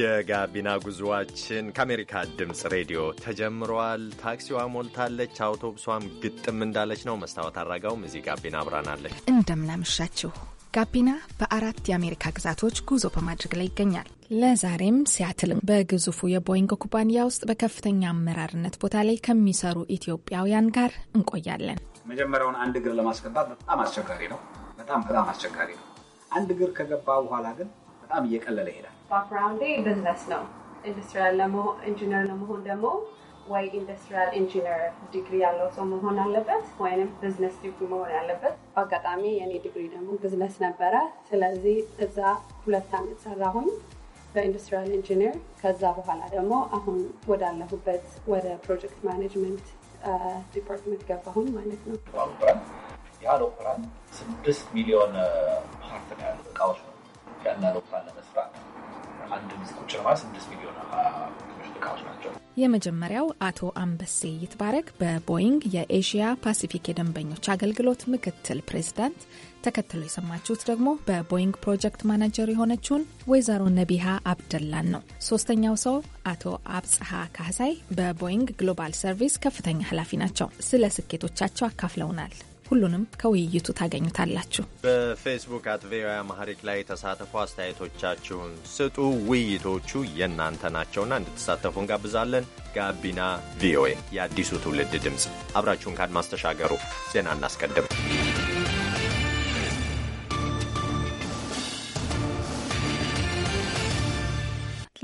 የጋቢና ጉዞዋችን ከአሜሪካ ድምፅ ሬዲዮ ተጀምሯል። ታክሲዋ ሞልታለች፣ አውቶቡሷም ግጥም እንዳለች ነው። መስታወት አድራጋውም እዚህ ጋቢና አብራናለች። እንደምናመሻችሁ። ጋቢና በአራት የአሜሪካ ግዛቶች ጉዞ በማድረግ ላይ ይገኛል። ለዛሬም ሲያትልም በግዙፉ የቦይንግ ኩባንያ ውስጥ በከፍተኛ አመራርነት ቦታ ላይ ከሚሰሩ ኢትዮጵያውያን ጋር እንቆያለን። መጀመሪያውን አንድ እግር ለማስገባት በጣም አስቸጋሪ ነው። በጣም በጣም አስቸጋሪ ነው። አንድ እግር ከገባ በኋላ ግን በጣም እየቀለለ ይሄዳል። ባክግራውንዴ ቢዝነስ ነው። ኢንዱስትሪያል ኢንጂነር ለመሆን ደግሞ ወይ ኢንዱስትሪያል ኢንጂነር ዲግሪ ያለው ሰው መሆን አለበት ወይም ቢዝነስ ዲግሪ መሆን ያለበት። በአጋጣሚ የኔ ዲግሪ ደግሞ ቢዝነስ ነበረ። ስለዚህ እዛ ሁለት ዓመት ሰራሁኝ በኢንዱስትሪያል ኢንጂነር። ከዛ በኋላ ደግሞ አሁን ወዳለሁበት ወደ ፕሮጀክት ማኔጅመንት ዲፓርትመንት ገባሁኝ ማለት ነው። ያለ ስድስት ሚሊዮን ፓርት ነው እቃዎች ነው ያናለው አንድ ጊዜ ቁጭ ለማለት ስድስት ሚሊዮን ናቸው። የመጀመሪያው አቶ አንበሴ ይትባረክ በቦይንግ የኤሽያ ፓሲፊክ የደንበኞች አገልግሎት ምክትል ፕሬዝዳንት፣ ተከትሎ የሰማችሁት ደግሞ በቦይንግ ፕሮጀክት ማናጀር የሆነችውን ወይዘሮ ነቢሃ አብደላን ነው። ሶስተኛው ሰው አቶ አብጽሐ ካህሳይ በቦይንግ ግሎባል ሰርቪስ ከፍተኛ ኃላፊ ናቸው። ስለ ስኬቶቻቸው አካፍለውናል። ሁሉንም ከውይይቱ ታገኙታላችሁ። በፌስቡክ አት ቪኦኤ አማሪክ ላይ የተሳተፉ አስተያየቶቻችሁን ስጡ። ውይይቶቹ የእናንተ ናቸውና እንድትሳተፉ እንጋብዛለን። ጋቢና ቪኦኤ የአዲሱ ትውልድ ድምፅ፣ አብራችሁን ካድማስ ተሻገሩ። ዜና እናስቀድም።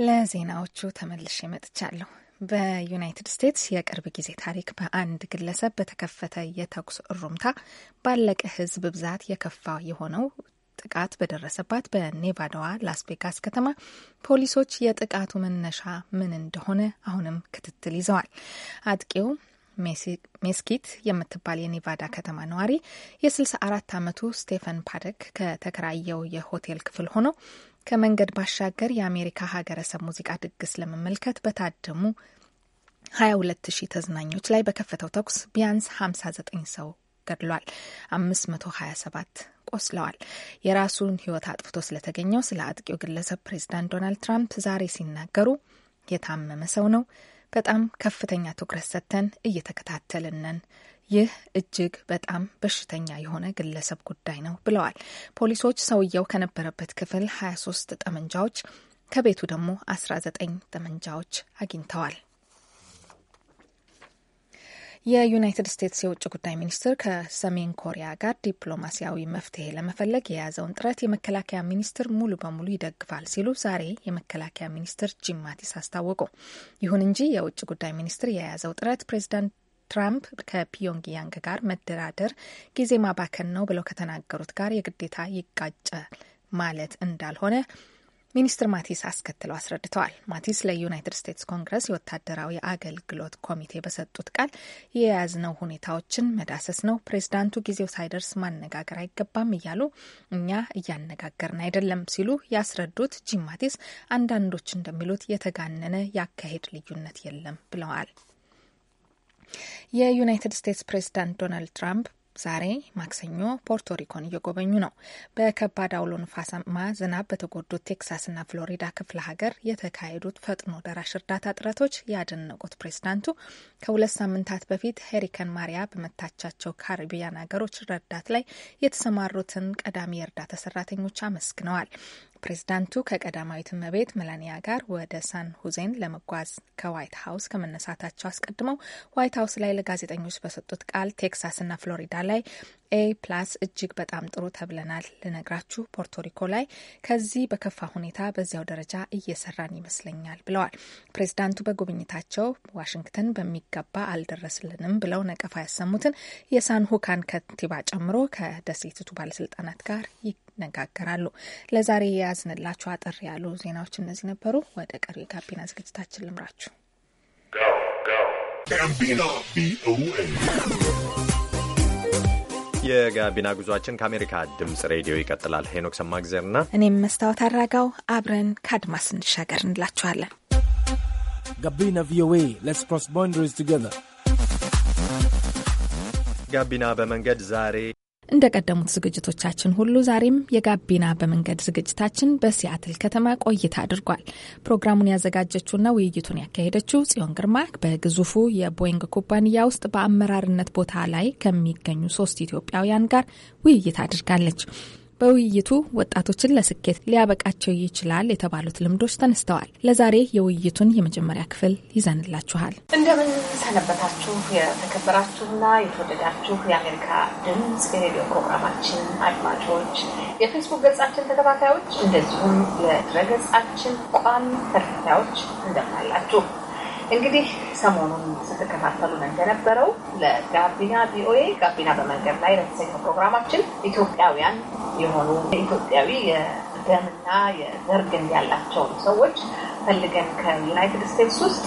ለዜናዎቹ ተመልሼ መጥቻለሁ። በዩናይትድ ስቴትስ የቅርብ ጊዜ ታሪክ በአንድ ግለሰብ በተከፈተ የተኩስ እሩምታ ባለቀ ሕዝብ ብዛት የከፋ የሆነው ጥቃት በደረሰባት በኔቫዳዋ ላስ ቬጋስ ከተማ ፖሊሶች የጥቃቱ መነሻ ምን እንደሆነ አሁንም ክትትል ይዘዋል። አጥቂው ሜስኪት የምትባል የኔቫዳ ከተማ ነዋሪ የ64 ዓመቱ ስቴፈን ፓደክ ከተከራየው የሆቴል ክፍል ሆኖ ከመንገድ ባሻገር የአሜሪካ ሀገረሰብ ሙዚቃ ድግስ ለመመልከት በታደሙ 220 ተዝናኞች ላይ በከፈተው ተኩስ ቢያንስ 59 ሰው ገድሏል። 527 ቆስለዋል። የራሱን ሕይወት አጥፍቶ ስለተገኘው ስለ አጥቂው ግለሰብ ፕሬዚዳንት ዶናልድ ትራምፕ ዛሬ ሲናገሩ የታመመ ሰው ነው። በጣም ከፍተኛ ትኩረት ሰጥተን እየተከታተልን ነን። ይህ እጅግ በጣም በሽተኛ የሆነ ግለሰብ ጉዳይ ነው ብለዋል። ፖሊሶች ሰውየው ከነበረበት ክፍል 23 ጠመንጃዎች ከቤቱ ደግሞ 19 ጠመንጃዎች አግኝተዋል። የዩናይትድ ስቴትስ የውጭ ጉዳይ ሚኒስትር ከሰሜን ኮሪያ ጋር ዲፕሎማሲያዊ መፍትሄ ለመፈለግ የያዘውን ጥረት የመከላከያ ሚኒስትር ሙሉ በሙሉ ይደግፋል ሲሉ ዛሬ የመከላከያ ሚኒስትር ጂም ማቲስ አስታወቁ። ይሁን እንጂ የውጭ ጉዳይ ሚኒስትር የያዘው ጥረት ፕሬዚዳንት ትራምፕ ከፒዮንግያንግ ጋር መደራደር ጊዜ ማባከን ነው ብለው ከተናገሩት ጋር የግዴታ ይጋጨ ማለት እንዳልሆነ ሚኒስትር ማቲስ አስከትለው አስረድተዋል። ማቲስ ለዩናይትድ ስቴትስ ኮንግረስ የወታደራዊ አገልግሎት ኮሚቴ በሰጡት ቃል የያዝነው ሁኔታዎችን መዳሰስ ነው፣ ፕሬዚዳንቱ ጊዜው ሳይደርስ ማነጋገር አይገባም እያሉ እኛ እያነጋገርን አይደለም ሲሉ ያስረዱት ጂም ማቲስ አንዳንዶች እንደሚሉት የተጋነነ የአካሄድ ልዩነት የለም ብለዋል። የዩናይትድ ስቴትስ ፕሬዚዳንት ዶናልድ ትራምፕ ዛሬ ማክሰኞ ፖርቶሪኮን እየጎበኙ ነው። በከባድ አውሎ ንፋሳማ ዝናብ በተጎዱት ቴክሳስና ፍሎሪዳ ክፍለ ሀገር የተካሄዱት ፈጥኖ ደራሽ እርዳታ ጥረቶች ያደነቁት ፕሬዝዳንቱ ከሁለት ሳምንታት በፊት ሄሪከን ማሪያ በመታቻቸው ካሪቢያን ሀገሮች ረዳት ላይ የተሰማሩትን ቀዳሚ የእርዳታ ሰራተኞች አመስግነዋል። ፕሬዝዳንቱ ከቀዳማዊት እመቤት መላኒያ ጋር ወደ ሳን ሁዜን ለመጓዝ ከዋይት ሀውስ ከመነሳታቸው አስቀድመው ዋይት ሀውስ ላይ ለጋዜጠኞች በሰጡት ቃል ቴክሳስና ፍሎሪዳ ላይ ኤ ፕላስ እጅግ በጣም ጥሩ ተብለናል። ልነግራችሁ ፖርቶሪኮ ላይ ከዚህ በከፋ ሁኔታ በዚያው ደረጃ እየሰራን ይመስለኛል ብለዋል። ፕሬዝዳንቱ በጉብኝታቸው ዋሽንግተን በሚገባ አልደረስልንም ብለው ነቀፋ ያሰሙትን የሳን ሁካን ከንቲባ ጨምሮ ከደሴቲቱ ባለስልጣናት ጋር ይነጋገራሉ። ለዛሬ የያዝንላችሁ አጠር ያሉ ዜናዎች እነዚህ ነበሩ። ወደ ቀሪ የጋቢና ዝግጅታችን ልምራችሁ። የጋቢና ጉዟችን ከአሜሪካ ድምጽ ሬዲዮ ይቀጥላል። ሄኖክ ሰማግዜርና እኔም መስታወት አራጋው አብረን ከአድማስ እንሻገር እንላችኋለን። ጋቢና ቪኦኤ ሌትስ ክሮስ ቦንደሪስ ቱጌዘር ጋቢና በመንገድ ዛሬ እንደ ቀደሙት ዝግጅቶቻችን ሁሉ ዛሬም የጋቢና በመንገድ ዝግጅታችን በሲያትል ከተማ ቆይታ አድርጓል። ፕሮግራሙን ያዘጋጀችውና ውይይቱን ያካሄደችው ጽዮን ግርማ በግዙፉ የቦይንግ ኩባንያ ውስጥ በአመራርነት ቦታ ላይ ከሚገኙ ሶስት ኢትዮጵያውያን ጋር ውይይት አድርጋለች። በውይይቱ ወጣቶችን ለስኬት ሊያበቃቸው ይችላል የተባሉት ልምዶች ተነስተዋል። ለዛሬ የውይይቱን የመጀመሪያ ክፍል ይዘንላችኋል። እንደምን ሰነበታችሁ የተከበራችሁና የተወደዳችሁ የአሜሪካ ድምፅ የሬዲዮ ፕሮግራማችን አድማጮች፣ የፌስቡክ ገጻችን ተከታታዮች፣ እንደዚሁም የድረ ገጻችን ቋሚ ተከታዮች እንደምናላችሁ እንግዲህ ሰሞኑን ስትከታተሉ እንደነበረው ለጋቢና ቪኦኤ ጋቢና በመንገድ ላይ ለተሰኘው ፕሮግራማችን ኢትዮጵያውያን የሆኑ ኢትዮጵያዊ የደምና የዘር ግንድ ያላቸውን ሰዎች ፈልገን ከዩናይትድ ስቴትስ ውስጥ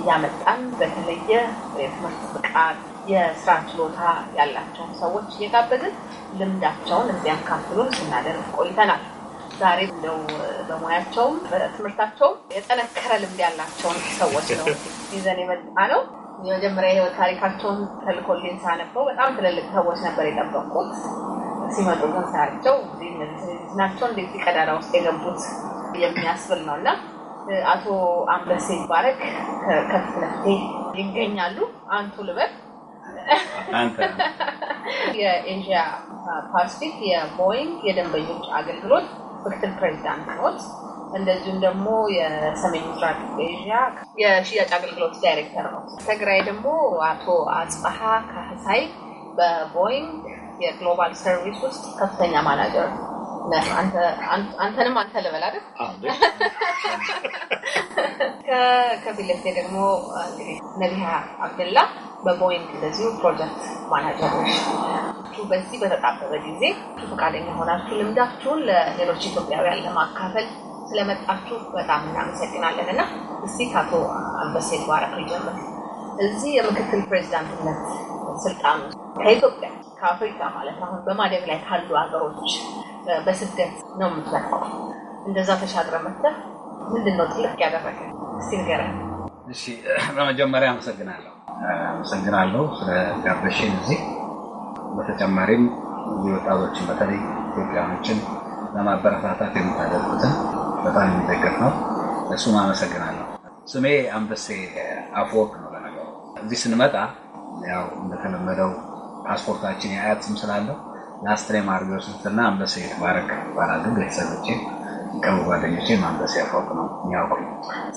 እያመጣን በተለየ የትምህርት ብቃት፣ የስራ ችሎታ ያላቸውን ሰዎች እየጋበዝን ልምዳቸውን እዚያካፍሉን ስናደርግ ቆይተናል። ዛሬ እንደው በሙያቸውም በትምህርታቸውም የጠነከረ ልምድ ያላቸውን ሰዎች ነው ይዘን የመጣ ነው። የመጀመሪያ የህይወት ታሪካቸውን ተልኮልን ሳነበው በጣም ትልልቅ ሰዎች ነበር የጠበቁት። ሲመጡ ግን ሳያቸው ናቸው እንዴት ቀዳዳ ውስጥ የገቡት የሚያስብል ነው እና አቶ አንበሴ ይባረክ ከፊት ለፊቴ ይገኛሉ። አንቱ ልበል የኤዥያ ፓስፊክ የቦይንግ የደንበኞች አገልግሎት ምክትል ፕሬዚዳንት ኖት። እንደዚሁም ደግሞ የሰሜን ምስራቅ ኤዥያ የሽያጭ አገልግሎት ዳይሬክተር ነው። ትግራይ ደግሞ አቶ አጽባሀ ካህሳይ በቦይንግ የግሎባል ሰርቪስ ውስጥ ከፍተኛ ማናጀር አንተንም አንተ ልበል አይደል? ከፊት ለፊቴ ደግሞ እንግዲህ ነቢሃ አብደላ በቦይንግ እንደዚሁ ፕሮጀክት ማናጀሮች በዚህ በተጣበበ ጊዜ ፈቃደኛ ሆናችሁ ልምዳችሁን ለሌሎች ኢትዮጵያውያን ለማካፈል ስለመጣችሁ በጣም እናመሰግናለን እና እስቲ ከአቶ አንበሴ ባረክ ሊጀምር እዚህ የምክትል ፕሬዚዳንትነት ስልጣኑ ከኢትዮጵያ ከአፍሪካ ማለት አሁን በማደግ ላይ ካሉ ሀገሮች በስደት ነው የምትመጣው። እንደዛ ተሻግረ መጥተህ ምንድን ነው ጥልቅ ያደረገ እስቲ ንገረን። እሺ፣ በመጀመሪያ አመሰግናለሁ። አመሰግናለሁ ስለ ጋበሽን እዚህ። በተጨማሪም ወጣቶችን በተለይ ኢትዮጵያኖችን ለማበረታታት የምታደርጉትን በጣም የሚደገፍ ነው። እሱም አመሰግናለሁ። ስሜ አንበሴ አፈወርቅ ነው። ለነገሩ እዚህ ስንመጣ ያው እንደተለመደው ፓስፖርታችን የአያት ስም ስላለው ለአስትሬ ማርጊዮስ ስትና አንበሴ የተባረክ ይባላሉ ቤተሰቦቼ ከጓደኞቼ አንበሴ አፈወርቅ ነው የሚያውቁኝ።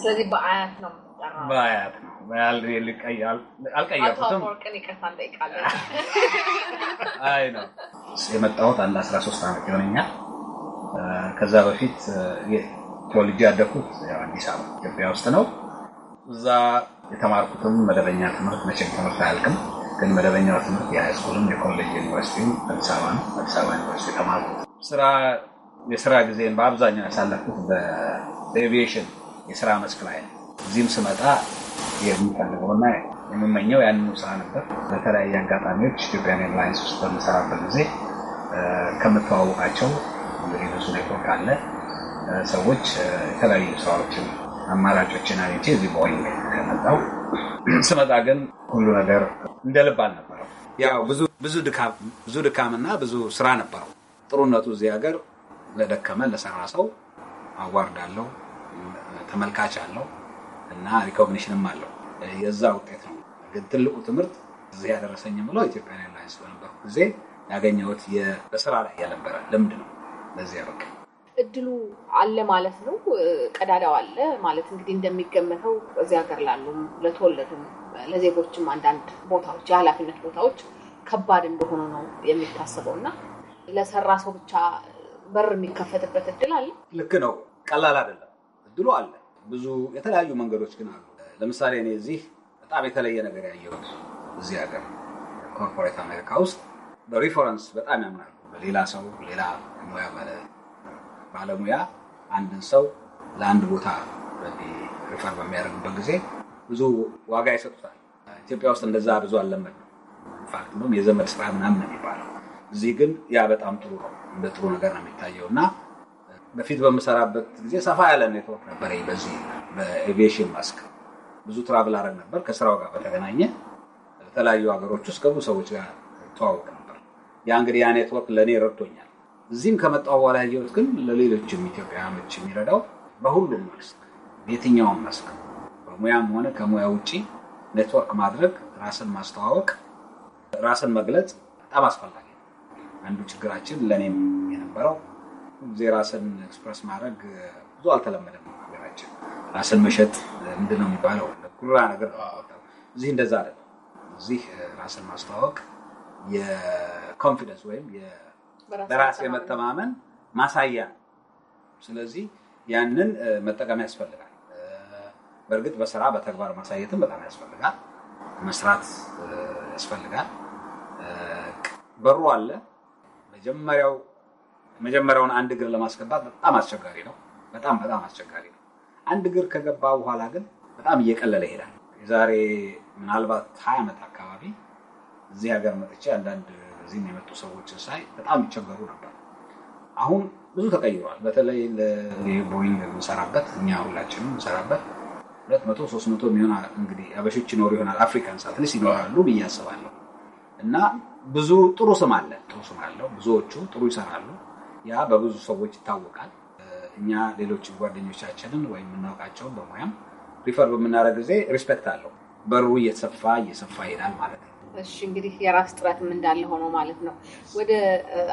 ስለዚህ በአያት ነው በአያት ነው አልቀየርኩትም። አይ ነው የመጣሁት አንድ አስራ ሶስት ዓመት ይሆነኛል። ከዛ በፊት ተወልጄ ያደኩት አዲስ አበባ ኢትዮጵያ ውስጥ ነው። እዛ የተማርኩትም መደበኛ ትምህርት መቼም ትምህርት አያልቅም፣ ግን መደበኛው ትምህርት የሃይስኩልም የኮሌጅ ዩኒቨርሲቲም አዲስ አበባ ነው። አዲስ አበባ ዩኒቨርሲቲ የተማርኩት ስራ የስራ ጊዜን በአብዛኛው ያሳለፍኩት በኤቪዬሽን የስራ መስክ ላይ እዚህም ስመጣ የሚፈልገው እና የምመኘው ያንኑ ስራ ነበር። በተለያየ አጋጣሚዎች ኢትዮጵያን ኤርላይንስ ውስጥ በምሰራበት ጊዜ ከምተዋወቃቸው እንግዲህ ብዙ ኔትወርክ አለ ሰዎች የተለያዩ ስራዎችን አማራጮችን አግኝቼ እዚህ ቦይንግ ከመጣሁ ስመጣ ግን ሁሉ ነገር እንደ ልብ አልነበረው። ያው ብዙ ድካም ብዙ ድካምና ብዙ ስራ ነበረው። ጥሩነቱ እዚህ ሀገር ለደከመ ለሰራ ሰው አዋርድ አለው፣ ተመልካች አለው። እና ሪኮግኒሽንም አለው የዛ ውጤት ነው። ግን ትልቁ ትምህርት እዚህ ያደረሰኝ ምለው ኢትዮጵያን ኤርላይንስ በነበር ጊዜ ያገኘሁት በስራ ላይ ያልነበረ ልምድ ነው። ለዚያ በቃ እድሉ አለ ማለት ነው። ቀዳዳው አለ ማለት እንግዲህ እንደሚገመተው እዚህ ሀገር ላሉም ለተወለዱም ለዜጎችም አንዳንድ ቦታዎች የኃላፊነት ቦታዎች ከባድ እንደሆኑ ነው የሚታሰበው እና ለሰራ ሰው ብቻ በር የሚከፈትበት እድል አለ። ልክ ነው። ቀላል አይደለም። እድሉ አለ ብዙ የተለያዩ መንገዶች ግን አሉ። ለምሳሌ እኔ እዚህ በጣም የተለየ ነገር ያየሁት እዚህ ሀገር ኮርፖሬት አሜሪካ ውስጥ በሪፈረንስ በጣም ያምናሉ። ሌላ ሰው ሌላ ሙያ ባለሙያ አንድን ሰው ለአንድ ቦታ ሪፈር በሚያደርጉበት ጊዜ ብዙ ዋጋ ይሰጡታል። ኢትዮጵያ ውስጥ እንደዛ ብዙ አለመድ ኢንፋክት የዘመድ ስራ ምናምን ነው የሚባለው። እዚህ ግን ያ በጣም ጥሩ ነው፣ እንደ ጥሩ ነገር ነው የሚታየው እና በፊት በምሰራበት ጊዜ ሰፋ ያለ ኔትወርክ ነበር። በዚህ በኤቪዬሽን መስክ ብዙ ትራቭል አረግ ነበር። ከስራው ጋር በተገናኘ በተለያዩ ሀገሮች ውስጥ ከብዙ ሰዎች ጋር ተዋውቅ ነበር። ያ እንግዲህ ያ ኔትወርክ ለእኔ ረድቶኛል። እዚህም ከመጣው በኋላ ያየሁት ግን ለሌሎችም ኢትዮጵያውያኖች የሚረዳው በሁሉም መስክ የትኛውም መስክ በሙያም ሆነ ከሙያ ውጭ ኔትወርክ ማድረግ፣ ራስን ማስተዋወቅ፣ ራስን መግለጽ በጣም አስፈላጊ ነው። አንዱ ችግራችን ለእኔም የነበረው ራስን ኤክስፕረስ ማድረግ ብዙ አልተለመደም። ሀገራችን። ራስን መሸጥ ምንድን ነው የሚባለው ኩራ ነገር እዚህ እንደዛ አለ። እዚህ ራስን ማስተዋወቅ የኮንፊደንስ ወይም በራስ የመተማመን ማሳያ ነው። ስለዚህ ያንን መጠቀም ያስፈልጋል። በእርግጥ በስራ በተግባር ማሳየትም በጣም ያስፈልጋል። መስራት ያስፈልጋል። በሩ አለ መጀመሪያው መጀመሪያውን አንድ እግር ለማስገባት በጣም አስቸጋሪ ነው። በጣም በጣም አስቸጋሪ ነው። አንድ እግር ከገባ በኋላ ግን በጣም እየቀለለ ይሄዳል። የዛሬ ምናልባት ሀያ ዓመት አካባቢ እዚህ ሀገር መጥቼ አንዳንድ እዚህም የመጡ ሰዎችን ሳይ በጣም ይቸገሩ ነበር። አሁን ብዙ ተቀይሯል። በተለይ ቦይንግ የምንሰራበት እኛ ሁላችንም የምንሰራበት ሁለት መቶ ሶስት መቶ የሚሆን እንግዲህ አበሾች ይኖሩ ይሆናል አፍሪካን ሳትሊስ ይኖራሉ ብዬ አስባለሁ እና ብዙ ጥሩ ስም አለ ጥሩ ስም አለው ብዙዎቹ ጥሩ ይሰራሉ ያ በብዙ ሰዎች ይታወቃል። እኛ ሌሎች ጓደኞቻችንን ወይም የምናውቃቸውን በሙያም ሪፈር በምናደርግ ጊዜ ሪስፔክት አለው። በሩ እየሰፋ እየሰፋ ይሄዳል ማለት ነው። እሺ እንግዲህ የራስ ጥረትም እንዳለ ሆኖ ማለት ነው። ወደ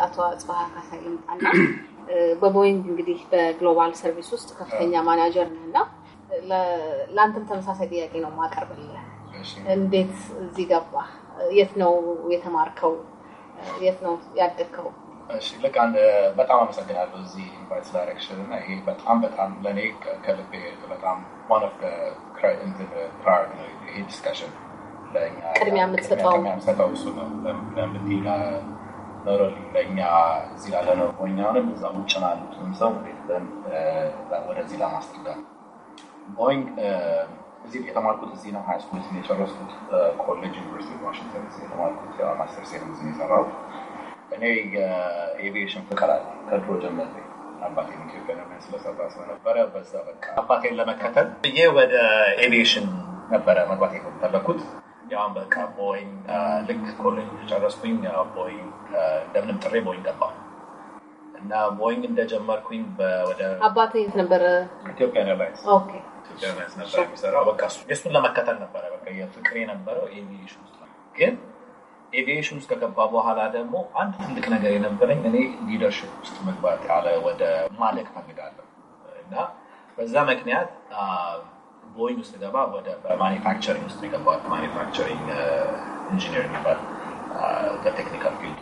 አቶ አጽባሀ ካሳ ይምጣና በቦይንግ እንግዲህ በግሎባል ሰርቪስ ውስጥ ከፍተኛ ማናጀር ነህ እና ለአንተም ተመሳሳይ ጥያቄ ነው ማቀርብልህ። እንዴት እዚህ ገባ? የት ነው የተማርከው? የት ነው ያደግከው? እሺ ልክ አንድ በጣም አመሰግናለሁ እዚህ ኢንቫይት ዳይሬክሽን እና ይሄ በጣም በጣም ለእኔ ከልቤ በጣም ዋን ኦፍ ፕራዮሪቲ ነው ይሄ ዲስካሽን ቅድሚያ የምትሰጠው እሱ ነው ለምትይ ኖሮ ለእኛ እዚህ ላለነው ቦይኛውንም እዛ ውጭ ላሉትም ሰው ወደዚህ ለማስጠጋት ቦይንግ እዚህ የተማርኩት እዚህ ነው። ሃይስኩል እዚህ የጨረስኩት ኮሌጅ ዩኒቨርሲቲ ዋሽንግተን የተማርኩት ማስተር ነው እዚህ የሰራው እኔ የኤቪዬሽን ፍቅር አለ ከድሮ ጀመር አባቴ ኢትዮጵያ ነው ስለሰራ ስለነበረ በዛ በቃ አባቴን ለመከተል ብዬ ወደ ኤቪዬሽን ነበረ መግባት የፈለኩት። ያሁን በቃ ቦይን ልክ ኮሌጅ ጨረስኩኝ፣ ቦይ እንደምንም ጥሬ ቦይን ገባ እና ቦይን እንደጀመርኩኝ ወደ አባቴ የት ነበረ? ኢትዮጵያ ኤርላይንስ ኢትዮጵያ ኤርላይንስ ነበረ የሚሰራው። በቃ እሱን ለመከተል ነበረ በቃ የፍቅሬ ነበረው ኤቪዬሽን ግን ኤቪዬሽን ውስጥ ከገባ በኋላ ደግሞ አንድ ትልቅ ነገር የነበረኝ እኔ ሊደርሽፕ ውስጥ መግባት ያለ ወደ ማለቅ ፈልጋለሁ እና በዛ ምክንያት ቦይንግ ውስጥ ገባ ወደ ማኒፋክቸሪንግ ውስጥ የገባ ማኒፋክቸሪንግ ኢንጂኒር የሚባል በቴክኒካል ፊልድ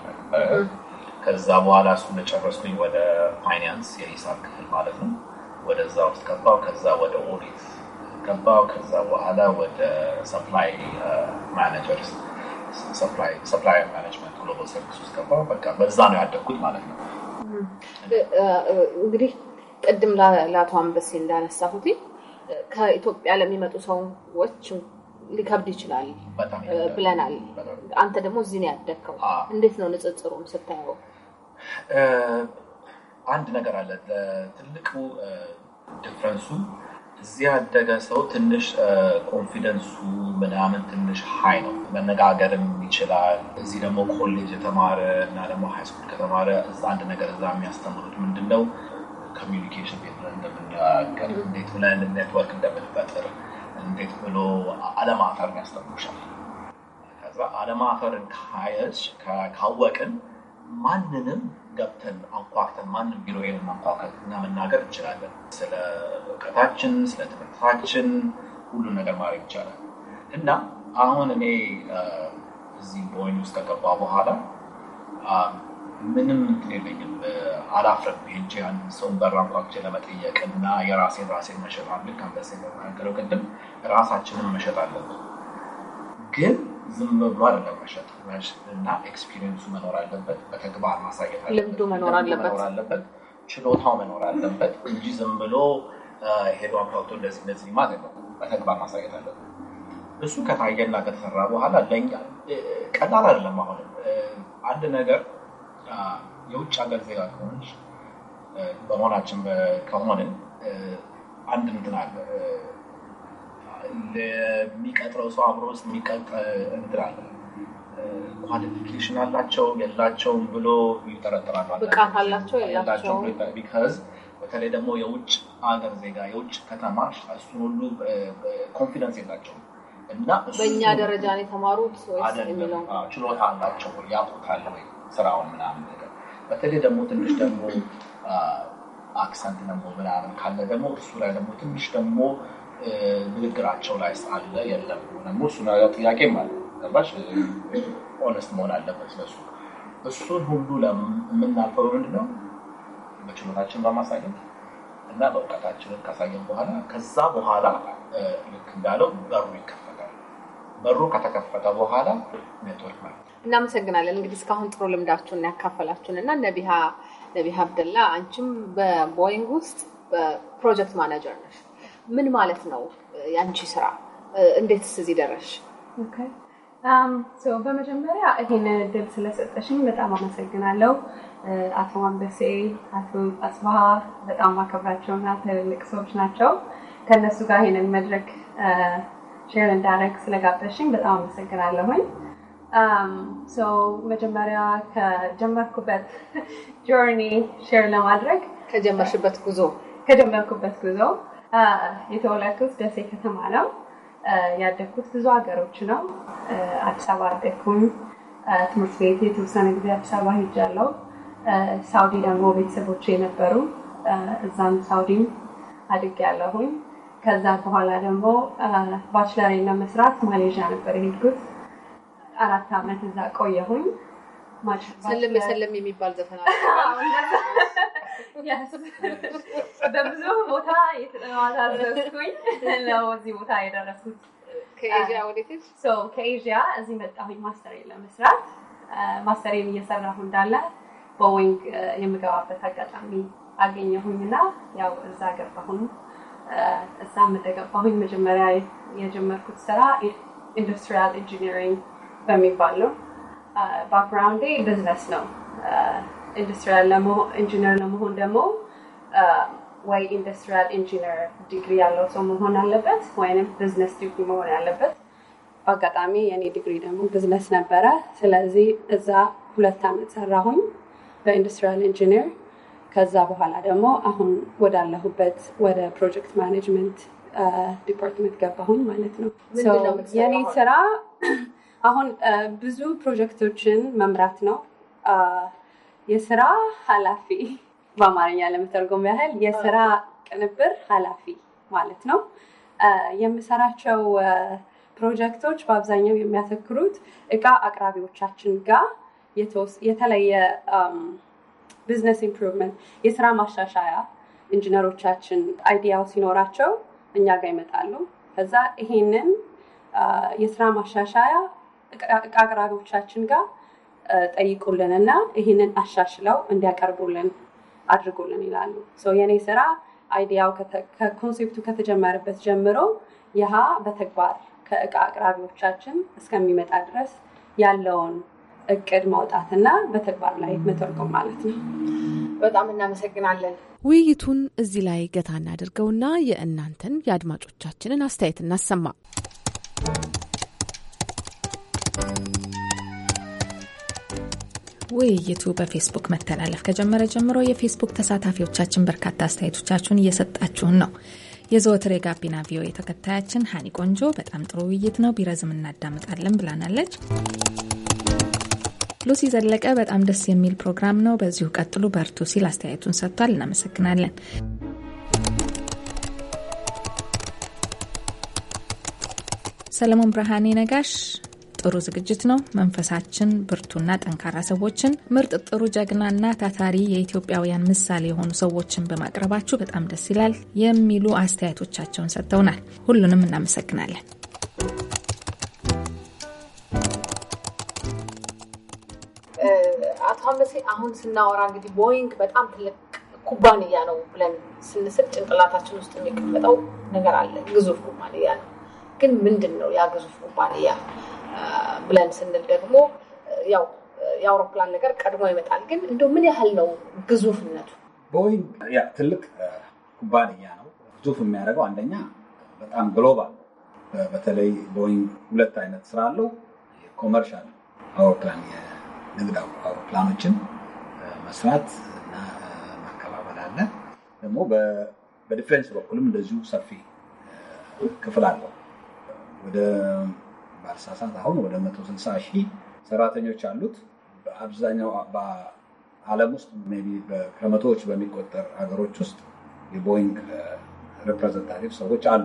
ከዛ በኋላ እሱ እንደጨረስኩኝ ወደ ፋይናንስ የሂሳብ ክፍል ማለት ነው ወደዛ ውስጥ ገባው ከዛ ወደ ኦዲት ገባው ከዛ በኋላ ወደ ሰፕላይ ማናጀርስ ሰፕላይ ማኔጅመንት ግሎባል ሰርቪስ ውስጥ ገባ። በቃ በዛ ነው ያደግኩት ማለት ነው። እንግዲህ ቅድም ለአቶ አንበሴ እንዳነሳሁት ከኢትዮጵያ ለሚመጡ ሰዎች ሊከብድ ይችላል ብለናል። አንተ ደግሞ እዚህ ነው ያደግከው። እንዴት ነው ንጽጽሩም ስታየው? አንድ ነገር አለ። ትልቁ ዲፍረንሱ እዚህ ያደገ ሰው ትንሽ ኮንፊደንሱ ምናምን ትንሽ ሀይ ነው፣ መነጋገርም ይችላል። እዚህ ደግሞ ኮሌጅ የተማረ እና ደግሞ ሃይስኩል ከተማረ እዛ አንድ ነገር እዛ የሚያስተምሩት ምንድን ነው ኮሚኒኬሽን፣ ቤት ብለን እንዴት ብለን ኔትወርክ እንደምንፈጥር፣ እንዴት ብሎ አለማፈርን ያስተምሩሻል። ከዛ አለማፈርን ካየሽ ካወቅን ማንንም ገብተን አንኳክተን ማንም ቢሮ ቢሮዬን ማንኳከት እና መናገር እንችላለን። ስለ እውቀታችን፣ ስለ ትምህርታችን ሁሉ ነገር ማድረግ ይቻላል እና አሁን እኔ እዚህ ቦይን ውስጥ ከገባ በኋላ ምንም እንትን የለኝም። አላፍርም ሄጄ አንድ ሰውን በራ አንኳኩቼ ለመጠየቅ እና የራሴን ራሴን መሸጥ አንድ ከንበሴ ለመናገረው ቅድም ራሳችንን መሸጥ አለብን ግን ዝም ብሎ አይደለም መሸጥ እና ኤክስፒሪየንሱ መኖር አለበት። በተግባር ማሳየት ልምዱ መኖር አለበት። ችሎታው መኖር አለበት እንጂ ዝም ብሎ ሄዶ አካውቶ እንደዚህ እንደዚህ ማለት ነው። በተግባር ማሳየት አለበት። እሱ ከታየና ከተሰራ በኋላ ለኛ ቀላል አይደለም። አሁንም አንድ ነገር የውጭ ሀገር ዜጋ ከሆንሽ በመሆናችን ከሆንን አንድ እንትን አለ ለሚቀጥረው ሰው አብሮ ውስጥ የሚቀጥ እንትላል ኳሊፊኬሽን አላቸው የላቸውም ብሎ ይጠረጥራሉ። ብቃት አላቸው የላቸውም። ቢካዝ በተለይ ደግሞ የውጭ አገር ዜጋ የውጭ ከተማ እሱን ሁሉ ኮንፊደንስ የላቸው እና በእኛ ደረጃ የተማሩት የተማሩት ችሎታ አላቸው ያቁታል ወይ ስራውን ምናምን ነገር በተለይ ደግሞ ትንሽ ደግሞ አክሰንት ደግሞ ምናምን ካለ ደግሞ እሱ ላይ ደግሞ ትንሽ ደግሞ ንግግራቸው ላይ አለ የለም ደግሞ እሱ ጥያቄ አለ ኦነስት መሆን አለበት ለሱ እሱን ሁሉ የምናልፈው ምንድነው በችሎታችን በማሳየት እና በእውቀታችንን ካሳየን በኋላ ከዛ በኋላ ልክ እንዳለው በሩ ይከፈታል በሩ ከተከፈተ በኋላ ኔትወርክ ማለት እናመሰግናለን እንግዲህ እስካሁን ጥሩ ልምዳችሁን ያካፈላችሁን እና ነቢሃ ነቢሃ አብደላ አንቺም በቦይንግ ውስጥ በፕሮጀክት ማናጀር ነሽ ምን ማለት ነው ያንቺ ስራ? እንዴትስ እዚህ ደረሽ? በመጀመሪያ ይህን እድል ስለሰጠሽኝ በጣም አመሰግናለሁ። አቶ ማንበሴ፣ አቶ አጽባሀ በጣም እና ትልልቅ ሰዎች ናቸው። ከእነሱ ጋር ይህንን መድረክ ሼር እንዳደረግ ስለጋበሽኝ በጣም አመሰግናለሁኝ። መጀመሪያ ከጀመርኩበት ጆርኒ ሼር ለማድረግ ከጀመርሽበት ጉዞ ከጀመርኩበት ጉዞ የተወለድኩት ደሴ ከተማ ነው። ያደግኩት ብዙ ሀገሮች ነው። አዲስ አበባ አደግኩኝ። ትምህርት ቤት የተወሰነ ጊዜ አዲስ አበባ ሄጃለሁ። ሳውዲ ደግሞ ቤተሰቦች የነበሩ እዛም ሳውዲም አድጌያለሁኝ። ከዛ በኋላ ደግሞ ባችለሬን ለመስራት ማሌዥያ ነበር የሄድኩት። አራት ዓመት እዛ ቆየሁኝ። ሰለም ሰለም የሚባል ዘፈን በብዙ ቦታ የተጠማታዘዝኩኝ ነው እዚህ ቦታ የደረስኩት። ከኤዥያ ወዴትች ከኤዥያ እዚህ መጣሁኝ ማስተሬን ለመስራት። ማስተሬን እየሰራሁ እንዳለ በወንግ uh, የምገባበት አጋጣሚ አገኘሁኝ አገኘሁኝና ያው እዛ ገባሁኝ። uh, እዛ የምደገባሁኝ መጀመሪያ የጀመርኩት ስራ ኢንዱስትሪያል ኢንጂኒሪንግ በሚባለው ባክግራውንዴ ቢዝነስ ነው። ኢንዱስትሪያል ኢንጂነር ለመሆን ደግሞ ወይ ኢንዱስትሪያል ኢንጂነር ዲግሪ ያለው ሰው መሆን አለበት ወይም ቢዝነስ ዲግሪ መሆን ያለበት በአጋጣሚ የኔ ዲግሪ ደግሞ ቢዝነስ ነበረ። ስለዚህ እዛ ሁለት አመት ሰራሁኝ በኢንዱስትሪያል ኢንጂነር። ከዛ በኋላ ደግሞ አሁን ወዳለሁበት ወደ ፕሮጀክት ማኔጅመንት ዲፓርትመንት ገባሁኝ ማለት ነው። የኔ ስራ አሁን ብዙ ፕሮጀክቶችን መምራት ነው የስራ ሀላፊ በአማርኛ ለመተርጎም ያህል የስራ ቅንብር ሀላፊ ማለት ነው። የምሰራቸው ፕሮጀክቶች በአብዛኛው የሚያተክሩት እቃ አቅራቢዎቻችን ጋር የተለየ ቢዝነስ ኢምፕሩቭመንት የስራ ማሻሻያ ኢንጂነሮቻችን አይዲያው ሲኖራቸው እኛ ጋር ይመጣሉ። ከዛ ይሄንን የስራ ማሻሻያ አቅራቢዎቻችን ጋር ጠይቁልን እና ይህንን አሻሽለው እንዲያቀርቡልን አድርጉልን ይላሉ። የእኔ ስራ አይዲያው ከኮንሴፕቱ ከተጀመረበት ጀምሮ ይሃ በተግባር ከእቃ አቅራቢዎቻችን እስከሚመጣ ድረስ ያለውን እቅድ ማውጣትና በተግባር ላይ መተርጎም ማለት ነው። በጣም እናመሰግናለን። ውይይቱን እዚህ ላይ ገታ እናድርገውና የእናንተን የአድማጮቻችንን አስተያየት እናሰማ። ውይይቱ በፌስቡክ መተላለፍ ከጀመረ ጀምሮ የፌስቡክ ተሳታፊዎቻችን በርካታ አስተያየቶቻችሁን እየሰጣችሁን ነው። የዘወትር የጋቢና ቪዮ ተከታያችን ሀኒ ቆንጆ በጣም ጥሩ ውይይት ነው፣ ቢረዝም እናዳምጣለን ብላናለች። ሉሲ ዘለቀ በጣም ደስ የሚል ፕሮግራም ነው፣ በዚሁ ቀጥሉ፣ በርቱ ሲል አስተያየቱን ሰጥቷል። እናመሰግናለን። ሰለሞን ብርሃኔ ነጋሽ ጥሩ ዝግጅት ነው። መንፈሳችን ብርቱና ጠንካራ ሰዎችን፣ ምርጥ ጥሩ ጀግናና ታታሪ የኢትዮጵያውያን ምሳሌ የሆኑ ሰዎችን በማቅረባችሁ በጣም ደስ ይላል የሚሉ አስተያየቶቻቸውን ሰጥተውናል። ሁሉንም እናመሰግናለን። አቶ አመሴ አሁን ስናወራ እንግዲህ ቦይንግ በጣም ትልቅ ኩባንያ ነው ብለን ስንስል ጭንቅላታችን ውስጥ የሚቀመጠው ነገር አለ። ግዙፍ ኩባንያ ነው። ግን ምንድን ነው ያ ግዙፍ ኩባንያ? ብለን ስንል ደግሞ ያው የአውሮፕላን ነገር ቀድሞ ይመጣል። ግን እንደው ምን ያህል ነው ግዙፍነቱ? ቦይንግ ያ ትልቅ ኩባንያ ነው። ግዙፍ የሚያደርገው አንደኛ በጣም ግሎባል፣ በተለይ ቦይንግ ሁለት አይነት ስራ አለው። የኮመርሻል አውሮፕላን የንግድ አውሮፕላኖችን መስራት እና ማከባበል አለ። ደግሞ በዲፌንስ በኩልም እንደዚሁ ሰፊ ክፍል አለው ወደ ባልሳሳት አሁን ወደ 160 ሺህ ሰራተኞች አሉት። በአብዛኛው በዓለም ውስጥ ቢ ከመቶዎች በሚቆጠር ሀገሮች ውስጥ የቦይንግ ሪፕሬዘንታቲቭ ሰዎች አሉ።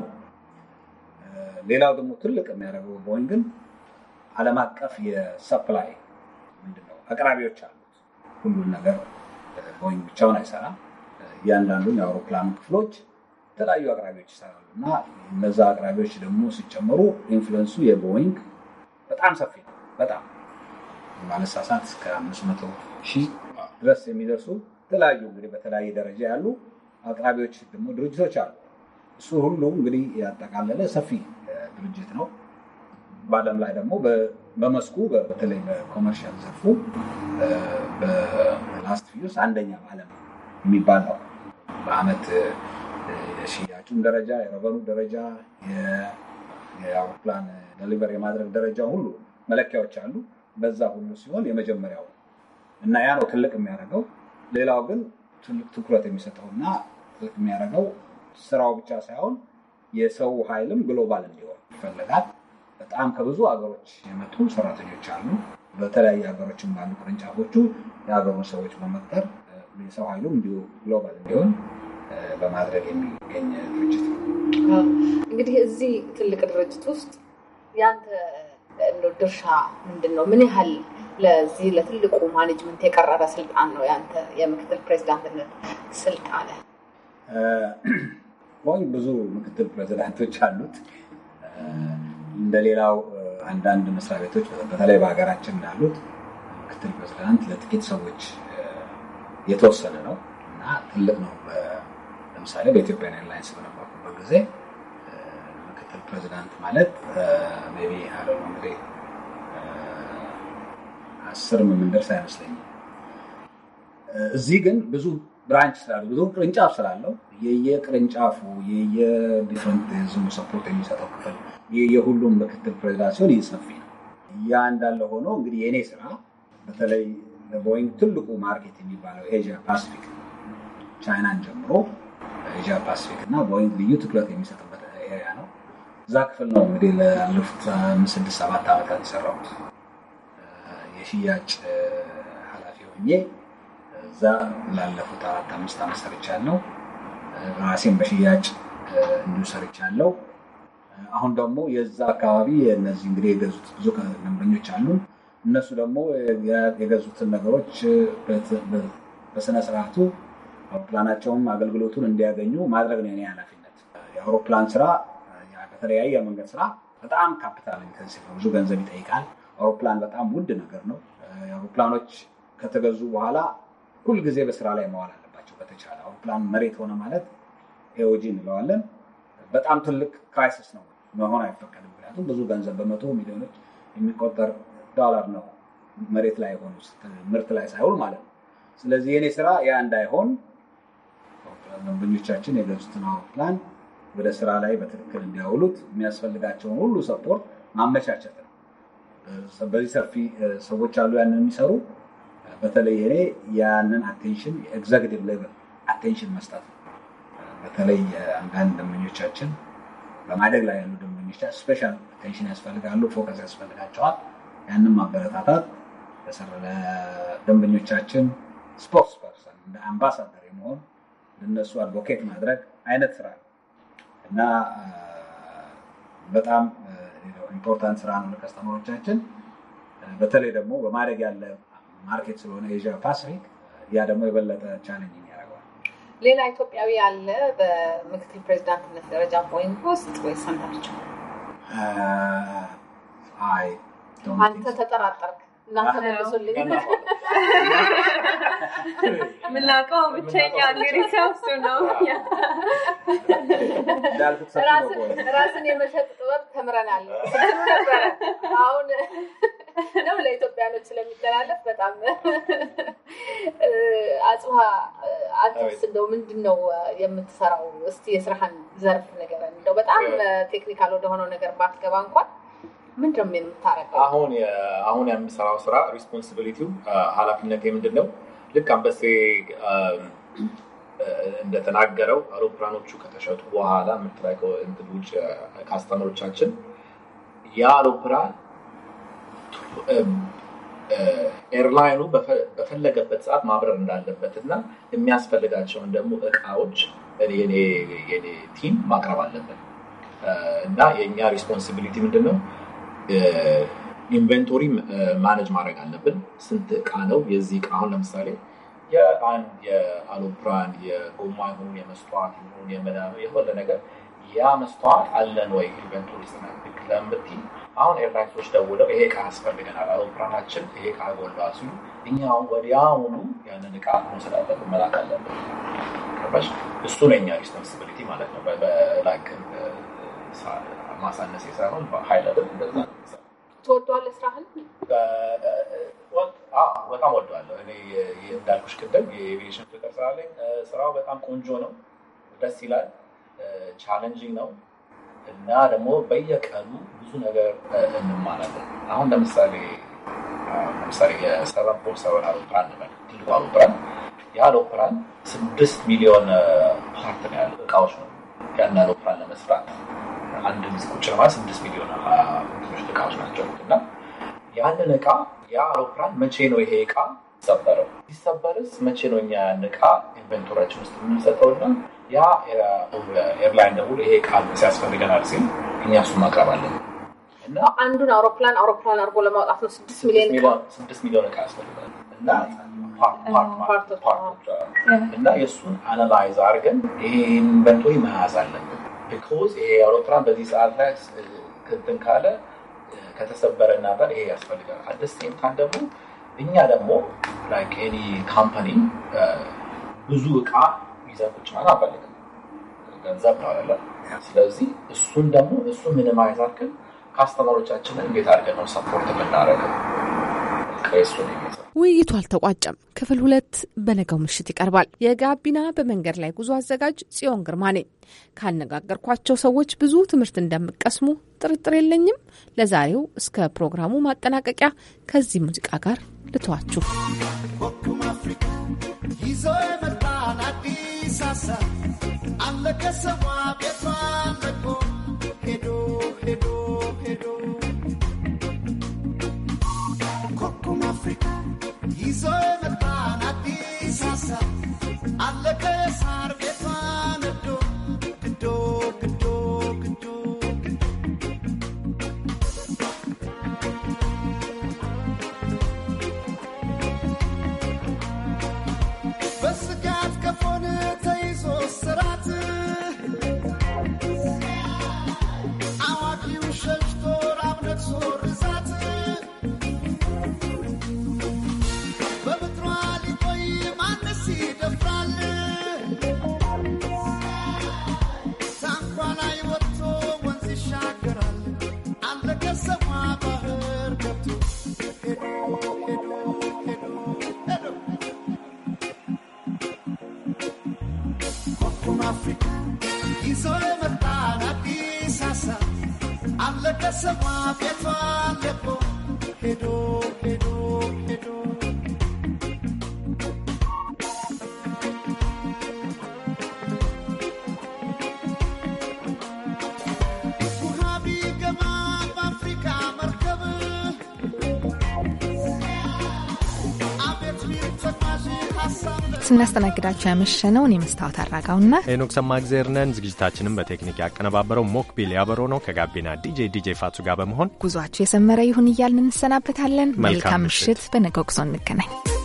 ሌላው ደግሞ ትልቅ የሚያደርገው ቦይንግን ዓለም አቀፍ የሰፕላይ ምንድነው አቅራቢዎች አሉት። ሁሉን ነገር ቦይንግ ብቻውን አይሰራም። እያንዳንዱን የአውሮፕላን ክፍሎች የተለያዩ አቅራቢዎች ይሰራሉ እና እነዛ አቅራቢዎች ደግሞ ሲጨመሩ ኢንፍሉንሱ የቦይንግ በጣም ሰፊ ነው። በጣም ባለሳሳት እስከ አምስት መቶ ሺህ ድረስ የሚደርሱ የተለያዩ እንግዲህ በተለያየ ደረጃ ያሉ አቅራቢዎች ደግሞ ድርጅቶች አሉ። እሱ ሁሉ እንግዲህ ያጠቃለለ ሰፊ ድርጅት ነው። በዓለም ላይ ደግሞ በመስኩ በተለይ በኮመርሻል ዘርፉ በላስት ፊዩስ አንደኛ ዓለም የሚባል ነው። በአመት የምርቱም ደረጃ የረቨኑ ደረጃ የአውሮፕላን ደሊቨር የማድረግ ደረጃ ሁሉ መለኪያዎች አሉ። በዛ ሁሉ ሲሆን የመጀመሪያው እና ያ ነው ትልቅ የሚያደርገው። ሌላው ግን ትልቅ ትኩረት የሚሰጠው እና ትልቅ የሚያደርገው ስራው ብቻ ሳይሆን የሰው ኃይልም ግሎባል እንዲሆን ይፈልጋል። በጣም ከብዙ ሀገሮች የመጡ ሰራተኞች አሉ። በተለያዩ ሀገሮችም ባሉ ቅርንጫፎቹ የሀገሩን ሰዎች በመቅጠር የሰው ኃይሉም እንዲሁ ግሎባል እንዲሆን በማድረግ የሚገኝ ድርጅት ነው። እንግዲህ እዚህ ትልቅ ድርጅት ውስጥ ያንተ ድርሻ ምንድን ነው? ምን ያህል ለዚህ ለትልቁ ማኔጅመንት የቀረበ ስልጣን ነው ያንተ የምክትል ፕሬዚዳንትነት ስልጣን? ወይ ብዙ ምክትል ፕሬዚዳንቶች አሉት። እንደሌላው አንዳንድ መስሪያ ቤቶች በተለይ በሀገራችን እንዳሉት ምክትል ፕሬዚዳንት ለጥቂት ሰዎች የተወሰነ ነው እና ትልቅ ነው ለምሳሌ በኢትዮጵያን ኤርላይንስ በነበርኩበት ጊዜ ምክትል ፕሬዚዳንት ማለት ቢ አለ እንግዲህ አስር የምንደርስ አይመስለኝም። እዚህ ግን ብዙ ብራንች ስላሉ ብዙ ቅርንጫፍ ስላለው የየቅርንጫፉ የየዲፍረንት ህዝቡ ሰፖርት የሚሰጠው ክፍል የሁሉም ምክትል ፕሬዚዳንት ሲሆን ይህ ሰፊ ነው። ያ እንዳለ ሆኖ እንግዲህ የእኔ ስራ በተለይ ለቦይንግ ትልቁ ማርኬት የሚባለው ኤዥያ ፓስፊክ ቻይናን ጀምሮ ኤዥያ ፓስፊክ እና ቦይንግ ልዩ ትኩረት የሚሰጥበት ኤሪያ ነው። እዛ ክፍል ነው እንግዲህ ላለፉት ስድስት ሰባት ዓመታት የሰራሁት የሽያጭ ኃላፊ ሆኜ እዛ ላለፉት አራት አምስት ዓመት ሰርቻለሁ። ራሴን በሽያጭ እንዲሁ ሰርቻለሁ። አሁን ደግሞ የዛ አካባቢ እነዚህ እንግዲህ የገዙት ብዙ ደንበኞች አሉ። እነሱ ደግሞ የገዙትን ነገሮች በስነ ስርዓቱ አውሮፕላናቸውም አገልግሎቱን እንዲያገኙ ማድረግ ነው የኔ ኃላፊነት። የአውሮፕላን ስራ በተለያየ የመንገድ ስራ በጣም ካፒታል ኢንተንሲቭ ነው፣ ብዙ ገንዘብ ይጠይቃል። አውሮፕላን በጣም ውድ ነገር ነው። የአውሮፕላኖች ከተገዙ በኋላ ሁልጊዜ በስራ ላይ መዋል አለባቸው በተቻለ አውሮፕላን መሬት ሆነ ማለት ኤኦጂ እንለዋለን። በጣም ትልቅ ክራይሲስ ነው መሆን አይፈቀድም። ምክንያቱም ብዙ ገንዘብ በመቶ ሚሊዮኖች የሚቆጠር ዶላር ነው መሬት ላይ የሆኑ ምርት ላይ ሳይውል ማለት ነው። ስለዚህ የኔ ስራ ያ እንዳይሆን ደንበኞቻችን የገዙትን አውሮፕላን ወደ ስራ ላይ በትክክል እንዲያውሉት የሚያስፈልጋቸውን ሁሉ ሰፖርት ማመቻቸት ነው። በዚህ ሰፊ ሰዎች አሉ ያንን የሚሰሩ በተለይ እኔ ያንን አቴንሽን የኤግዘክቲቭ ሌቨል አቴንሽን መስጠት ነው። በተለይ አንዳንድ ደንበኞቻችን በማደግ ላይ ያሉ ደንበኞቻ ስፔሻል አቴንሽን ያስፈልጋሉ፣ ፎከስ ያስፈልጋቸዋል። ያንን ማበረታታት ለደንበኞቻችን ስፖርትስ ፐርሰን እንደ አምባሳደር የመሆን ለነሱ አድቮኬት ማድረግ አይነት ስራ ነው እና በጣም ኢምፖርታንት ስራ ነው ለከስተመሮቻችን። በተለይ ደግሞ በማደግ ያለ ማርኬት ስለሆነ ኤዥያ ፓሲፊክ፣ ያ ደግሞ የበለጠ ቻለንጅ ያደርገዋል። ሌላ ኢትዮጵያዊ ያለ በምክትል ፕሬዚዳንትነት ደረጃ ቦይንግ ውስጥ ወይ ሰምታችሁ? አይ አንተ ተጠራጠርክ? የምናውቀው ብቸኛ ሀገሬ እሱ ነው። ራስን የመሸጥ ጥበብ ተምረናል። አሁን ነው ለኢትዮጵያኖች ስለሚተላለፍ በጣም አንተስ እንደው ምንድን ነው የምትሰራው? እስቲ የስራህን ዘርፍ እንደው በጣም ቴክኒካል ወደሆነው ነገር ባትገባ እንኳን ምንድን ነው የምታረገው? አሁን አሁን የምሰራው ስራ ሪስፖንሲቢሊቲው ኃላፊነት የምንድን ነው? ልክ አንበሴ እንደተናገረው አውሮፕላኖቹ ከተሸጡ በኋላ የምትላቀው እንትን ውጭ ካስተመሮቻችን ያ አውሮፕላን ኤርላይኑ በፈለገበት ሰዓት ማብረር እንዳለበት እና የሚያስፈልጋቸውን ደግሞ እቃዎች የኔ ቲም ማቅረብ አለብን እና የእኛ ሪስፖንሲቢሊቲ ምንድን ነው ኢንቨንቶሪ ማነጅ ማድረግ አለብን። ስንት እቃ ነው የዚህ እቃ አሁን ለምሳሌ የአንድ የአሎፕራን የጎማ ይሁን የመስተዋት ይሁን የመዳኑ የሆነ ነገር ያ መስተዋት አለን ወይ ኢንቨንቶሪ ስናድግ ለምት አሁን ኤርላይንሶች ደውለው ይሄ እቃ ያስፈልገናል አሎፕራናችን ይሄ እቃ ጎላ ሲሉ እኛ አሁን ወዲያውኑ ያንን እቃ መውሰድ መላክ አለብን። እሱ ነው ኛ ሪስፖንሲቢሊቲ ማለት ነው። በላክ ማሳነስ የሳይሆን ሀይለብን እንደዛ ነው። ትወደዋለህ ስራህን? በጣም ወደዋለሁ። እኔ እንዳልኩሽ ቅድም የኤቪዬሽን ፍቅር ስላለኝ ስራው በጣም ቆንጆ ነው፣ ደስ ይላል፣ ቻለንጂንግ ነው እና ደግሞ በየቀኑ ብዙ ነገር እንማራለን። አሁን ለምሳሌ ለምሳሌ የሰቨን ፎር ሰቨን አውሮፕላን ንበል ትልቁ አውሮፕላን ያ አውሮፕላን ስድስት ሚሊዮን ፓርት ነው ያለው እቃዎች ነው ያን አውሮፕላን ለመስራት አንድ ቁጭ ለማለት ስድስት ሚሊዮን እቃዎች ናቸው እና ያንን እቃ ያ አውሮፕላን መቼ ነው ይሄ እቃ ሰበረው? ሲሰበርስ መቼ ነው እኛ ያን እቃ ኢንቨንቶራችን ውስጥ የምንሰጠው? እና ያ ኤርላይን ደግሞ ይሄ እቃ ሲያስፈልገናል ሲል እኛ እሱ ማቅረባለን እና አንዱን አውሮፕላን አውሮፕላን አድርጎ ለማውጣት ነው ስድስት ሚሊዮን እቃ ስድስት ሚሊዮን እቃ ያስፈልጋል እና እና የእሱን አናላይዝ አድርገን ይሄ ኢንቨንቶሪ መያዝ አለብን ቢኮዝ ይሄ አውሮፕላን በዚህ ሰዓት ላይ እንትን ካለ ከተሰበረ እና ጋር ይሄ ያስፈልጋል። አደስቴም ታን ደግሞ እኛ ደግሞ ላይክ ኤኒ ካምፓኒ ብዙ እቃ ይዘን ቁጭ ማለት አንፈልግም። ገንዘብ ነው አለ ስለዚህ እሱን ደግሞ እሱ ምንም አይዛክን ካስተማሮቻችንን እንዴት አድርገን ነው ሰፖርት የምናደርገው? እሱን ውይይቱ አልተቋጨም። ክፍል ሁለት በነገው ምሽት ይቀርባል። የጋቢና በመንገድ ላይ ጉዞ አዘጋጅ ጽዮን ግርማ ነኝ። ካነጋገርኳቸው ሰዎች ብዙ ትምህርት እንደምቀስሙ ጥርጥር የለኝም። ለዛሬው እስከ ፕሮግራሙ ማጠናቀቂያ ከዚህ ሙዚቃ ጋር ልተዋችሁ። Africa. ይዞ የመጣ አዲስ ሀሳብ አለቀ ሳር ስናስተናግዳቸው ያመሸነው እኔ መስታወት አራጋውና ሄኖክ ሰማእግዜር ነን። ዝግጅታችንን በቴክኒክ ያቀነባበረው ሞክቢል ያበሮ ነው። ከጋቢና ዲጄ ዲጄ ፋቱ ጋር በመሆን ጉዟቸው የሰመረ ይሁን እያልን እንሰናበታለን። መልካም ምሽት። በነገው ጉዞ እንገናኝ።